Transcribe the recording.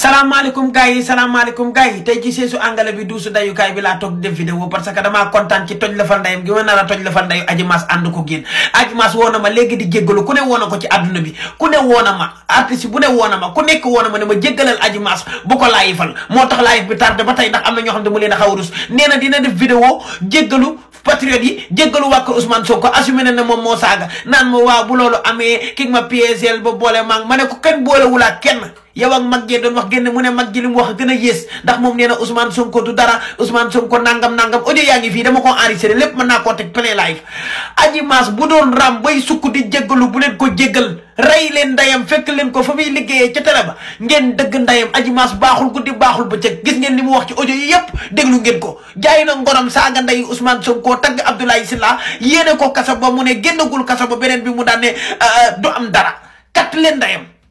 salaamaaleykum gars yi salaamaaleykum gars yi tey ci seesu angale bi duusu dayukaay bi laa toog def vidéo parce que damaa kontaan ci toj la fa ndayam gi ma a toj la fa ndayu Adji ko na ma ne woo ko ci àdduna bi woo na ma artiste bu ne woo na ne ma jéggalal Adji Mass bu ko laayifal moo tax laayif bi tardé ba am na ñoo xam ne mu leen a xaw a rus nee na dina def vidéo jéggalu patriote yi jéggalu moom moo saaga naan ma waaw bu loolu amee ki ma piégel ba boole maag ma ne ko kenn boolewul ak kenn yow ak mag jee doon wax génn mu ne mag ji li mu wax gën a yées ndax moom nee na Ousmane Sonko du dara Ousmane Sonko nangam nangam audio yaa ngi fii dama ko enregistré lépp mën naa koo teg play live aji maas bu doon ram bay sukk di jëggalu bu leen ko jéggal rey leen ndayam fekk leen ko fa muy liggéeyee ca télé ba ngeen dëgg ndeyam aji maas baaxul guddi baaxul bëccëg gis ngeen li mu wax ci audio yi yépp déglu ngeen ko jaay na ngoram saaga nday Ousmane Sonko tagg Abdoulaye Sylla yéene ko kasa ba mu ne génnagul kasa ba beneen bi mu daan euh, du am dara kat leen ndayam